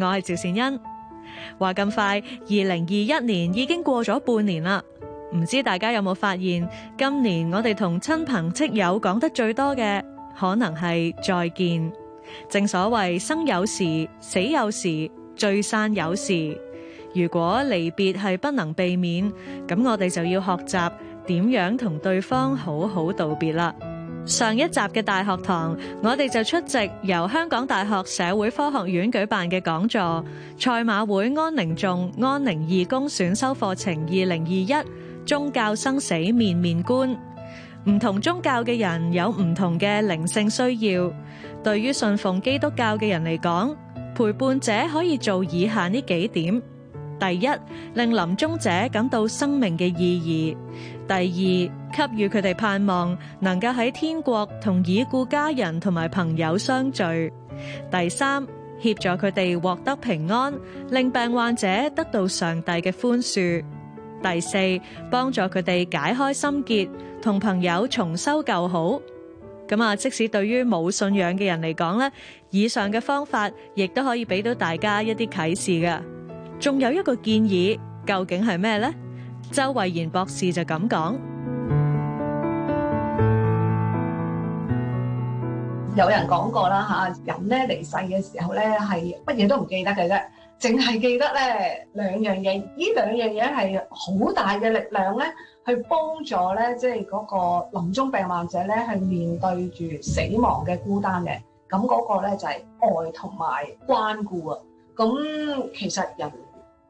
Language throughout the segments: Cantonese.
我係趙善恩，話咁快，二零二一年已經過咗半年啦，唔知大家有冇發現，今年我哋同親朋戚友講得最多嘅，可能係再見。正所謂生有時，死有時，聚散有時。如果離別係不能避免，咁我哋就要學習點樣同對方好好道別啦。上一集嘅大學堂，我哋就出席由香港大學社會科學院舉辦嘅講座。賽馬會安寧頌安寧義工選修課程二零二一宗教生死面面觀，唔同宗教嘅人有唔同嘅靈性需要。對於信奉基督教嘅人嚟講，陪伴者可以做以下呢幾點。第一，令臨終者感到生命嘅意義；第二，給予佢哋盼望，能夠喺天國同已故家人同埋朋友相聚；第三，協助佢哋獲得平安，令病患者得到上帝嘅寬恕；第四，幫助佢哋解開心結，同朋友重修舊好。咁啊，即使對於冇信仰嘅人嚟講咧，以上嘅方法亦都可以俾到大家一啲啟示㗎。仲有一個建議，究竟係咩呢？周惠賢博士就咁講，有人講過啦吓，人呢離世嘅時候呢係乜嘢都唔記得嘅啫，淨係記得呢兩樣嘢，呢兩樣嘢係好大嘅力量呢，去幫助呢即係嗰個臨終病患者呢去面對住死亡嘅孤單嘅，咁嗰個呢就係愛同埋關顧啊！咁其實人。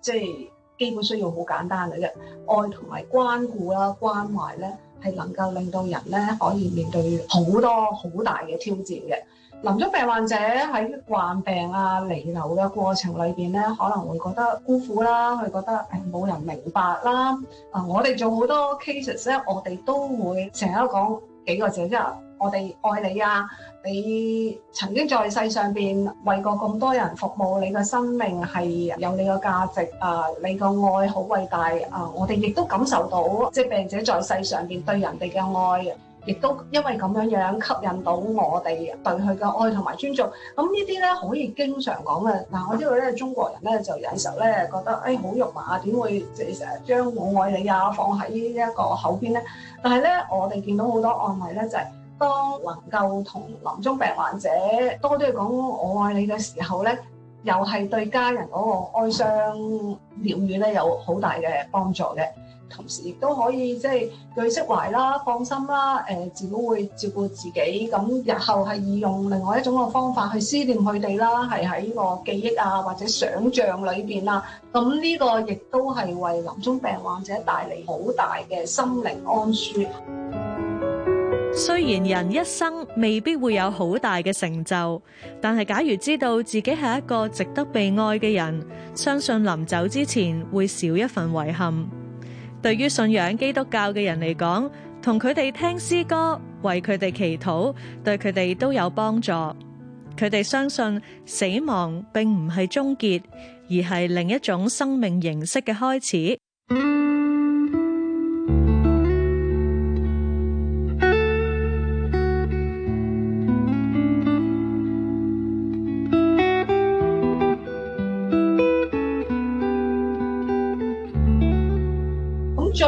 即係基本需要好簡單嘅啫，愛同埋關顧啦、關懷咧，係能夠令到人咧可以面對好多好大嘅挑戰嘅。臨終病患者喺患病啊、離流嘅過程裏邊咧，可能會覺得孤苦啦，佢覺得誒冇人明白啦。啊，我哋做好多 cases 咧，我哋都會成日都講幾個字啫。我哋愛你啊！你曾經在世上邊為過咁多人服務，你你、呃，你嘅生命係有你嘅價值啊！你個愛好偉大啊！我哋亦都感受到即係病者在世上邊對人哋嘅愛，亦都因為咁樣樣吸引到我哋對佢嘅愛同埋尊重。咁、嗯、呢啲咧可以經常講嘅嗱，我知道咧中國人咧就有時候咧覺得誒好肉麻，點會即係將我愛你啊放喺呢一個口邊咧，但係咧我哋見到好多案例咧就係、是。當能夠同臨終病患者多啲講我愛你嘅時候呢，又係對家人嗰個哀傷療愈呢有好大嘅幫助嘅，同時亦都可以即係佢釋懷啦、放心啦。誒、呃，自己會照顧自己，咁日後係用另外一種嘅方法去思念佢哋啦，係喺個記憶啊或者想像裏邊啦。咁呢個亦都係為臨終病患者帶嚟好大嘅心靈安舒。雖然人一生未必會有好大嘅成就，但係假如知道自己係一個值得被愛嘅人，相信臨走之前會少一份遺憾。對於信仰基督教嘅人嚟講，同佢哋聽詩歌、為佢哋祈禱，對佢哋都有幫助。佢哋相信死亡並唔係終結，而係另一種生命形式嘅開始。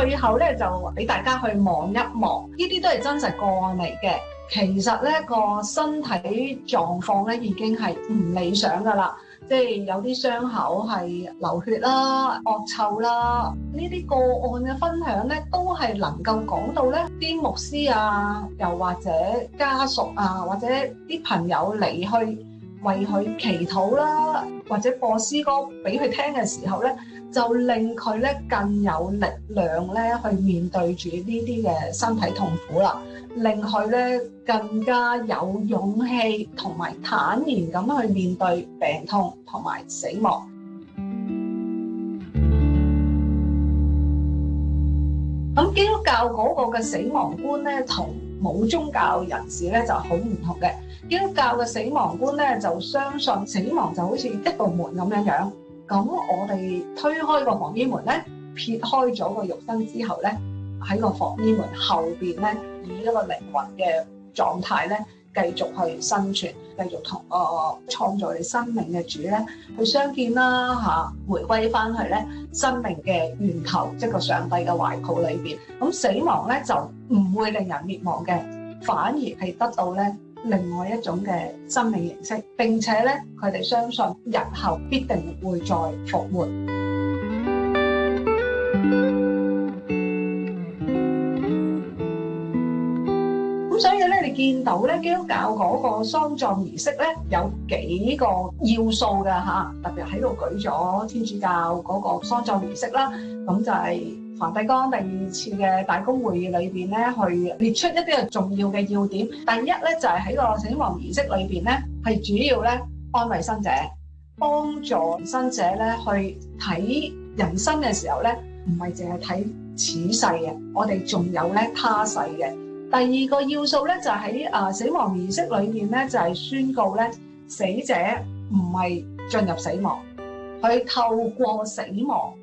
最後咧就俾大家去望一望，呢啲都係真實個案嚟嘅。其實咧個身體狀況咧已經係唔理想噶啦，即係有啲傷口係流血啦、惡臭啦，呢啲個案嘅分享咧都係能夠講到咧啲牧師啊，又或者家屬啊，或者啲朋友離去。為佢祈禱啦，或者播詩歌俾佢聽嘅時候咧，就令佢咧更有力量咧去面對住呢啲嘅身體痛苦啦，令佢咧更加有勇氣，同埋坦然咁去面對病痛同埋死亡。咁基督教嗰個嘅死亡觀咧同。冇宗教人士咧就好唔同嘅，基督教嘅死亡觀咧就相信死亡就好似一道門咁樣樣，咁我哋推開個防煙門咧，撇開咗個肉身之後咧，喺個防煙門後邊咧以一個靈魂嘅狀態咧。繼續去生存，繼續同個創造你生命嘅主咧去相見啦嚇，回歸返去咧生命嘅源頭，即個上帝嘅懷抱裏邊。咁死亡咧就唔會令人滅亡嘅，反而係得到咧另外一種嘅生命形式。並且咧佢哋相信日後必定會再復活。見到咧基督教嗰個喪葬儀式咧有幾個要素嘅嚇，特別喺度舉咗天主教嗰個喪葬儀式啦，咁就係梵蒂岡第二次嘅大公會議裏邊咧，去列出一啲嘅重要嘅要點。第一咧就係喺個死亡儀式裏邊咧，係主要咧安慰生者，幫助生者咧去睇人生嘅時候咧，唔係淨係睇此世嘅，我哋仲有咧他世嘅。第二個要素咧，就喺誒死亡儀式裏面咧，就係宣告咧死者唔係進入死亡，佢透過死亡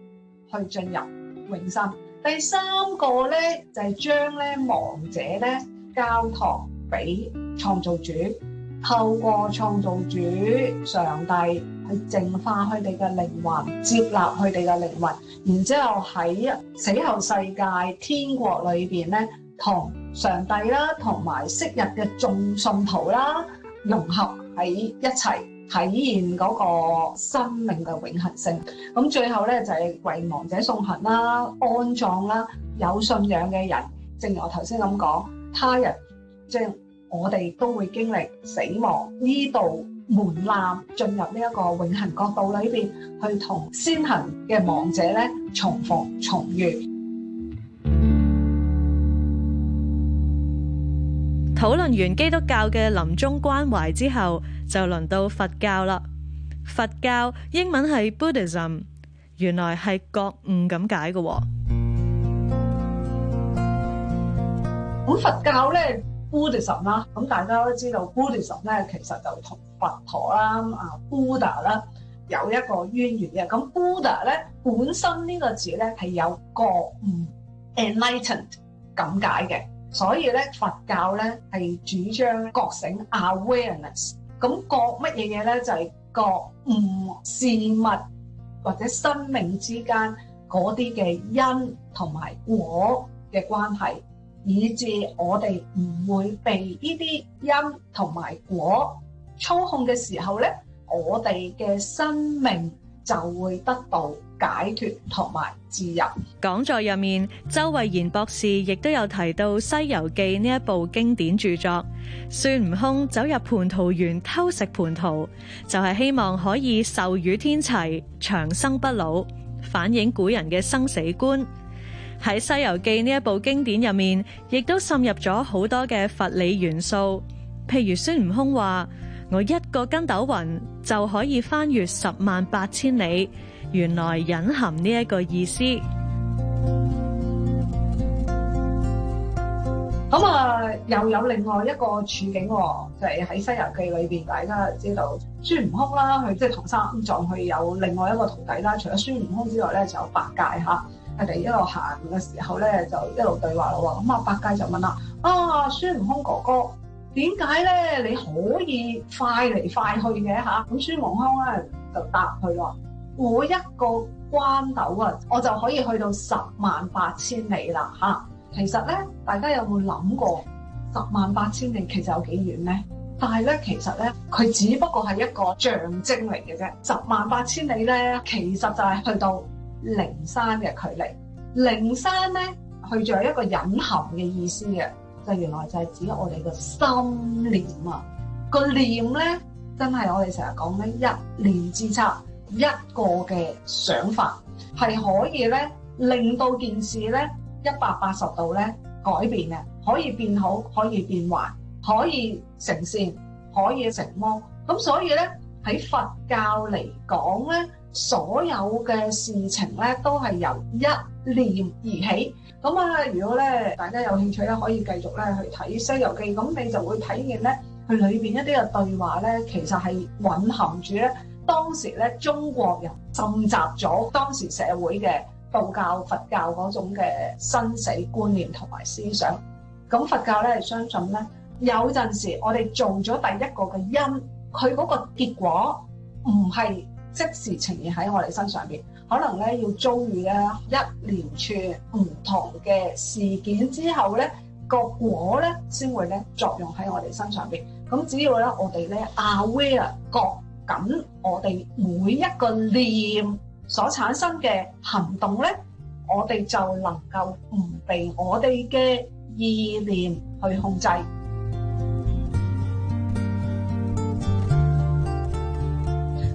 去進入永生。第三個咧就係將咧亡者咧交託俾創造主，透過創造主上帝去淨化佢哋嘅靈魂，接納佢哋嘅靈魂，然之後喺死後世界、天國裏邊咧同上帝啦，同埋昔日嘅眾信徒啦，融合喺一齊，體現嗰個生命嘅永恆性。咁最後咧就係為亡者送行啦、安葬啦。有信仰嘅人，正如我頭先咁講，他人即係我哋都會經歷死亡呢度門檻，進入呢一個永恆國度裏邊，去同先行嘅亡者咧重逢重遇。討論完基督教嘅臨終關懷之後，就輪到佛教啦。佛教英文係 Buddhism，原來係覺悟咁解嘅。咁佛教咧，Buddhism 啦，咁大家都知道 Buddhism 咧，其實就同佛陀啦啊 Buddha 啦有一個淵源嘅。咁 Buddha 咧本身呢個字咧係有覺悟 enlightened 咁解嘅。所以咧，佛教咧係主張覺醒 awareness，咁覺乜嘢嘢咧？就係覺悟事物或者生命之間嗰啲嘅因同埋果嘅關係，以至我哋唔會被呢啲因同埋果操控嘅時候咧，我哋嘅生命就會得到解脫同埋自由。講座入面，周惠賢博士亦都有提到《西遊記》呢一部經典著作。孫悟空走入蟠桃園偷食蟠桃，就係希望可以壽與天齊、長生不老，反映古人嘅生死觀。喺《西遊記》呢一部經典入面，亦都滲入咗好多嘅佛理元素。譬如孫悟空話：我一個筋斗雲就可以翻越十萬八千里。原來隱含呢一個意思，咁啊又有另外一個處境，哦，就係、是、喺《西遊記》裏邊，大家知道孫悟空啦，佢即係唐三藏，佢有另外一個徒弟啦。除咗孫悟空之外咧，就有八戒吓，佢哋一路行嘅時候咧，就一路對話咯。咁啊，八戒就問啦，啊孫悟空哥哥，點解咧你可以快嚟快去嘅吓？咁孫悟空咧就答佢咯。每一個關頭啊，我就可以去到十萬八千里啦嚇、啊。其實咧，大家有冇諗過十萬八千里其實有幾遠咧？但係咧，其實咧，佢只不過係一個象徵嚟嘅啫。十萬八千里咧，其實就係去到靈山嘅距離。靈山咧，佢仲有一個隱含嘅意思嘅，就原來就係指我哋個心念啊，個念咧，真係我哋成日講嘅一念之差。一個嘅想法係可以咧，令到件事咧一百八十度咧改變嘅，可以變好，可以變壞，可以成善，可以成魔。咁所以咧，喺佛教嚟講咧，所有嘅事情咧都係由一念而起。咁啊，如果咧大家有興趣咧，可以繼續咧去睇《西遊記》，咁你就會體現咧佢裏邊一啲嘅對話咧，其實係蘊含住咧。當時咧，中國人浸襲咗當時社會嘅道教、佛教嗰種嘅生死觀念同埋思想。咁佛教咧係相信咧，有陣時我哋做咗第一個嘅因，佢嗰個結果唔係即時呈現喺我哋身上邊，可能咧要遭遇咧一連串唔同嘅事件之後咧，個果咧先會咧作用喺我哋身上邊。咁只要咧我哋咧 aware 覺。咁我哋每一個念所產生嘅行動咧，我哋就能夠唔被我哋嘅意念去控制。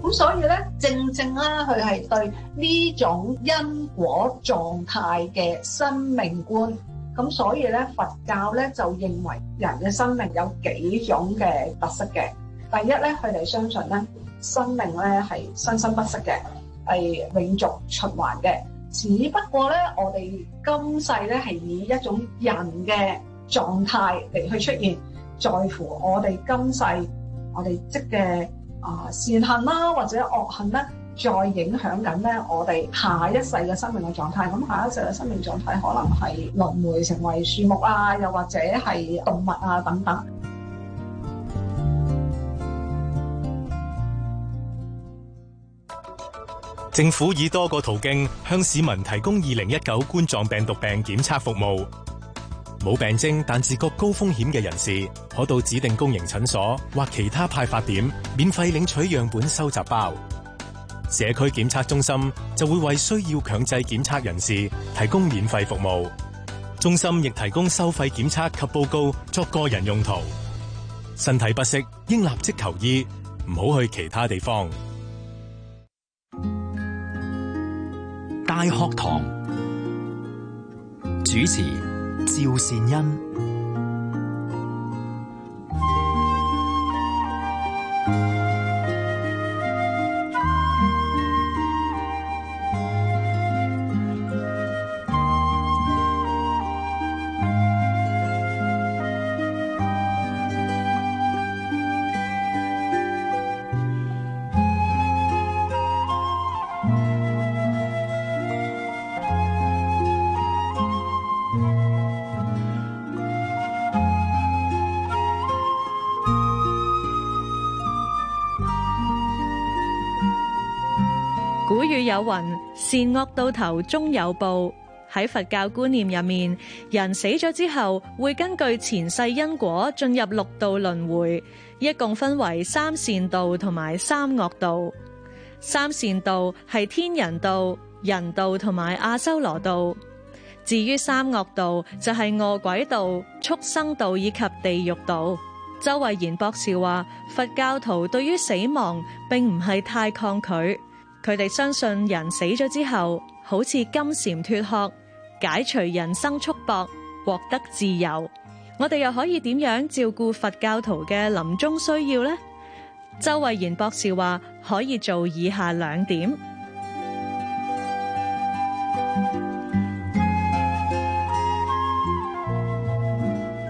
咁所以咧，正正啦，佢係對呢種因果狀態嘅生命觀。咁所以咧，佛教咧就認為人嘅生命有幾種嘅特色嘅。第一咧，佢哋相信咧。生命咧係生生不息嘅，係永續循環嘅。只不過咧，我哋今世咧係以一種人嘅狀態嚟去出現，在乎我哋今世我哋即嘅啊善行啦、啊，或者惡行咧，再影響緊咧我哋下一世嘅生命嘅狀態。咁、嗯、下一世嘅生命狀態可能係輪迴成為樹木啊，又或者係動物啊等等。政府以多個途徑向市民提供二零一九冠狀病毒病檢測服務。冇病徵但自覺高風險嘅人士，可到指定公營診所或其他派發點免費領取樣本收集包。社區檢測中心就會為需要強制檢測人士提供免費服務。中心亦提供收費檢測及報告，作個人用途。身體不適，應立即求醫，唔好去其他地方。大學堂主持趙善恩。古語有云，善惡到頭終有報。喺佛教觀念入面，人死咗之後會根據前世因果進入六道輪迴，一共分為三善道同埋三惡道。三善道係天人道、人道同埋阿修羅道。至於三惡道就係、是、餓鬼道、畜生道、以及地獄道。周惠賢博士話，佛教徒對於死亡並唔係太抗拒。佢哋相信人死咗之後，好似金蟬脫殼，解除人生束縛，獲得自由。我哋又可以點樣照顧佛教徒嘅臨終需要呢？周惠賢博士話，可以做以下兩點。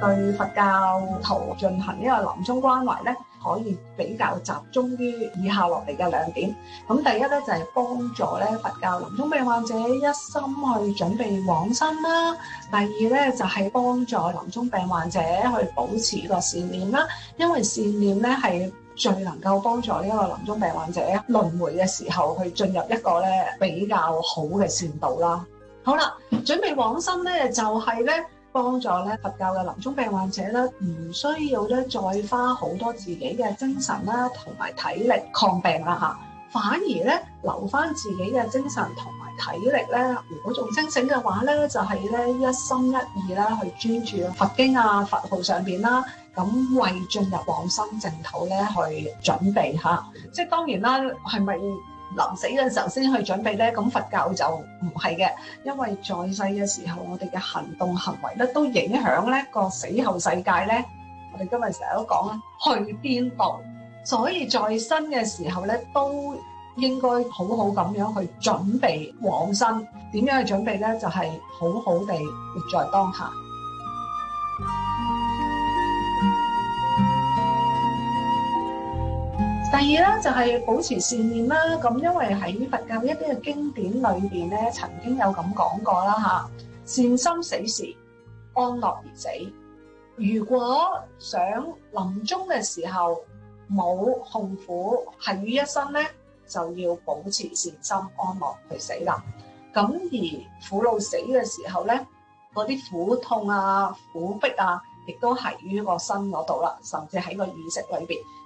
對佛教徒進行呢個臨終關懷咧，可以比較集中於以下落嚟嘅兩點。咁第一咧就係幫助咧佛教臨終病患者一心去準備往生啦。第二咧就係幫助臨終病患者去保持個善念啦。因為善念咧係最能夠幫助呢個臨終病患者輪迴嘅時候去進入一個咧比較好嘅善道啦。好啦，準備往生咧就係咧。幫助咧佛教嘅臨終病患者咧，唔需要咧再花好多自己嘅精神啦，同埋體力抗病啦嚇。反而咧留翻自己嘅精神同埋體力咧，如果仲清醒嘅話咧，就係咧一心一意啦，去專注啦《佛經》啊，《佛號》上邊啦，咁為進入往生淨土咧去準備嚇。即係當然啦，係咪？臨死嘅時候先去準備呢，咁佛教就唔係嘅，因為在世嘅時候，我哋嘅行動行為咧都影響咧個死後世界呢。我哋今日成日都講啊，去邊度，所以在生嘅時候呢，都應該好好咁樣去準備往生。點樣去準備呢？就係好好地活在當下。第二咧就係保持善念啦，咁因為喺佛教一啲嘅經典裏邊咧，曾經有咁講過啦嚇，善心死時安樂而死。如果想臨終嘅時候冇痛苦係於一身咧，就要保持善心安樂去死啦。咁而苦惱死嘅時候咧，嗰啲苦痛啊、苦逼啊，亦都係於個身嗰度啦，甚至喺個意識裏邊。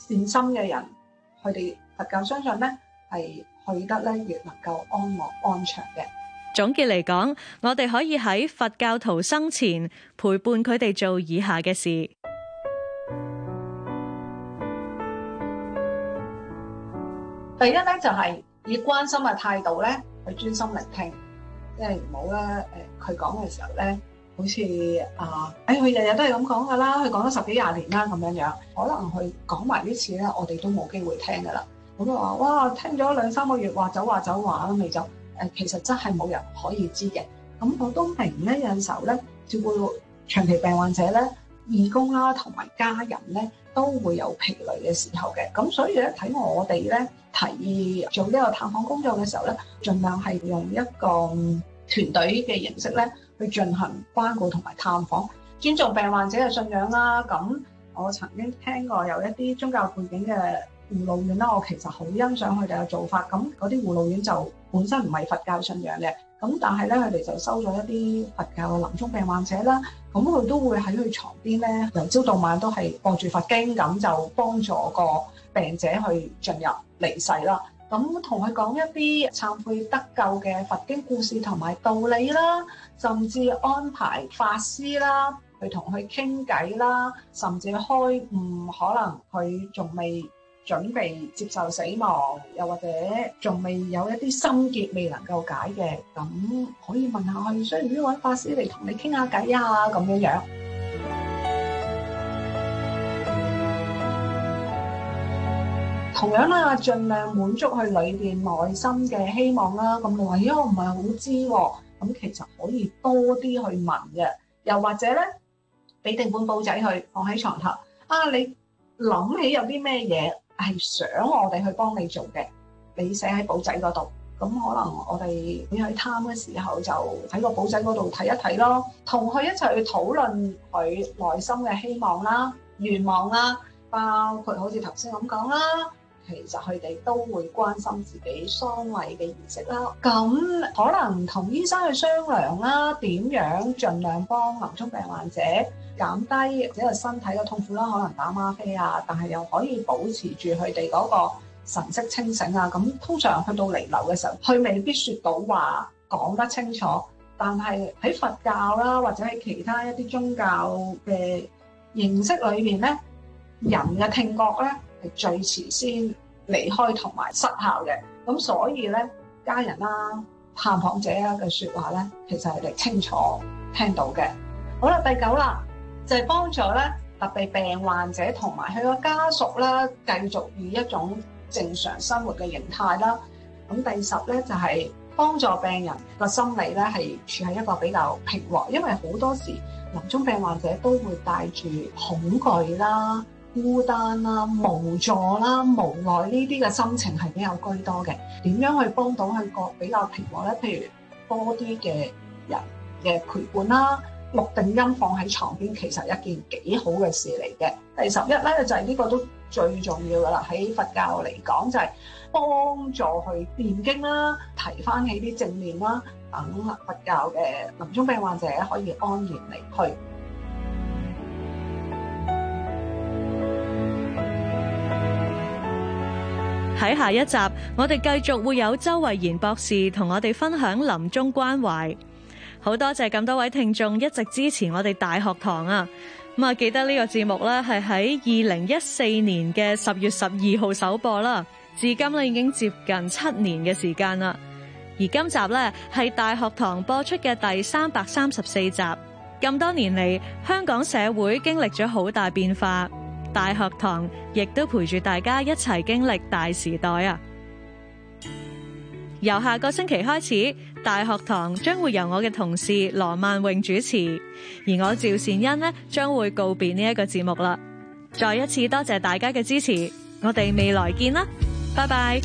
善心嘅人，佢哋佛教相信咧，係去得咧，越能夠安樂安詳嘅。總結嚟講，我哋可以喺佛教徒生前陪伴佢哋做以下嘅事。第一咧就係以關心嘅態度咧去專心聆聽，即係唔好啦，誒佢講嘅時候咧。好似啊，哎，佢日日都係咁講噶啦，佢講咗十幾廿年啦，咁樣樣，可能佢講埋呢次咧，我哋都冇機會聽噶啦。我都話，哇，聽咗兩三個月話走話走話都未走，誒、呃，其實真係冇人可以知嘅。咁我都明咧，有陣時候咧，會長期病患者咧，義工啦同埋家人咧，都會有疲累嘅時候嘅。咁所以咧，睇我哋咧，提議做呢個探訪工作嘅時候咧，儘量係用一個團隊嘅形式咧。去進行關顧同埋探訪，尊重病患者嘅信仰啦。咁我曾經聽過有一啲宗教背景嘅護老院啦，我其實好欣賞佢哋嘅做法。咁嗰啲護老院就本身唔係佛教信仰嘅，咁但係咧，佢哋就收咗一啲佛教臨終病患者啦。咁佢都會喺佢床邊咧，由朝到晚都係播住佛經，咁就幫助個病者去進入離世啦。咁同佢講一啲懺悔得救嘅佛經故事同埋道理啦，甚至安排法師啦去同佢傾偈啦，甚至開悟，可能佢仲未準備接受死亡，又或者仲未有一啲心結未能夠解嘅，咁可以問下佢，需唔需要揾法師嚟同你傾下偈啊咁樣樣。同樣啦，盡量滿足佢裏邊內心嘅希望啦。咁話咦，我唔係好知喎、哦。咁、嗯、其實可以多啲去問嘅，又或者咧，俾定本簿仔去放喺床頭。啊，你諗起有啲咩嘢係想我哋去幫你做嘅，你寫喺簿仔嗰度。咁、嗯、可能我哋你喺唸嘅時候就看看，就喺個簿仔嗰度睇一睇咯，同佢一齊去討論佢內心嘅希望啦、願望啦、啊，包、啊、括好似頭先咁講啦。其實佢哋都會關心自己喪禮嘅儀式啦，咁可能同醫生去商量啦，點樣盡量幫臨終病患者減低呢個身體嘅痛苦啦，可能打嗎啡啊，但係又可以保持住佢哋嗰個神色清醒啊。咁通常去到彌留嘅時候，佢未必説到話講得清楚，但係喺佛教啦，或者喺其他一啲宗教嘅形式裏面咧，人嘅聽覺咧。係最遲先離開同埋失效嘅，咁所以咧，家人啦、探訪者啊嘅説話咧，其實係你清楚聽到嘅。好啦，第九啦，就係幫助咧特別病患者同埋佢個家屬啦，繼續以一種正常生活嘅形態啦。咁第十咧就係幫助病人個心理咧係處喺一個比較平和，因為好多時臨終病患者都會帶住恐懼啦。孤單啦、無助啦、無奈呢啲嘅心情係比較居多嘅。點樣去幫到佢個比較平和咧？譬如多啲嘅人嘅陪伴啦，錄定音放喺床邊，其實係一件幾好嘅事嚟嘅。第十一咧就係、是、呢個都最重要噶啦。喺佛教嚟講，就係幫助去唸經啦，提翻起啲正面啦，等佛教嘅臨終病患者可以安然離去。喺下一集，我哋繼續會有周惠賢博士同我哋分享臨終關懷。好多謝咁多位聽眾一直支持我哋大學堂啊！咁啊，記得呢個節目咧係喺二零一四年嘅十月十二號首播啦，至今咧已經接近七年嘅時間啦。而今集咧係大學堂播出嘅第三百三十四集。咁多年嚟，香港社會經歷咗好大變化。大學堂亦都陪住大家一齊經歷大時代啊！由下個星期開始，大學堂將會由我嘅同事羅曼穎主持，而我趙善恩呢將會告別呢一個節目啦。再一次多謝大家嘅支持，我哋未來見啦，拜拜。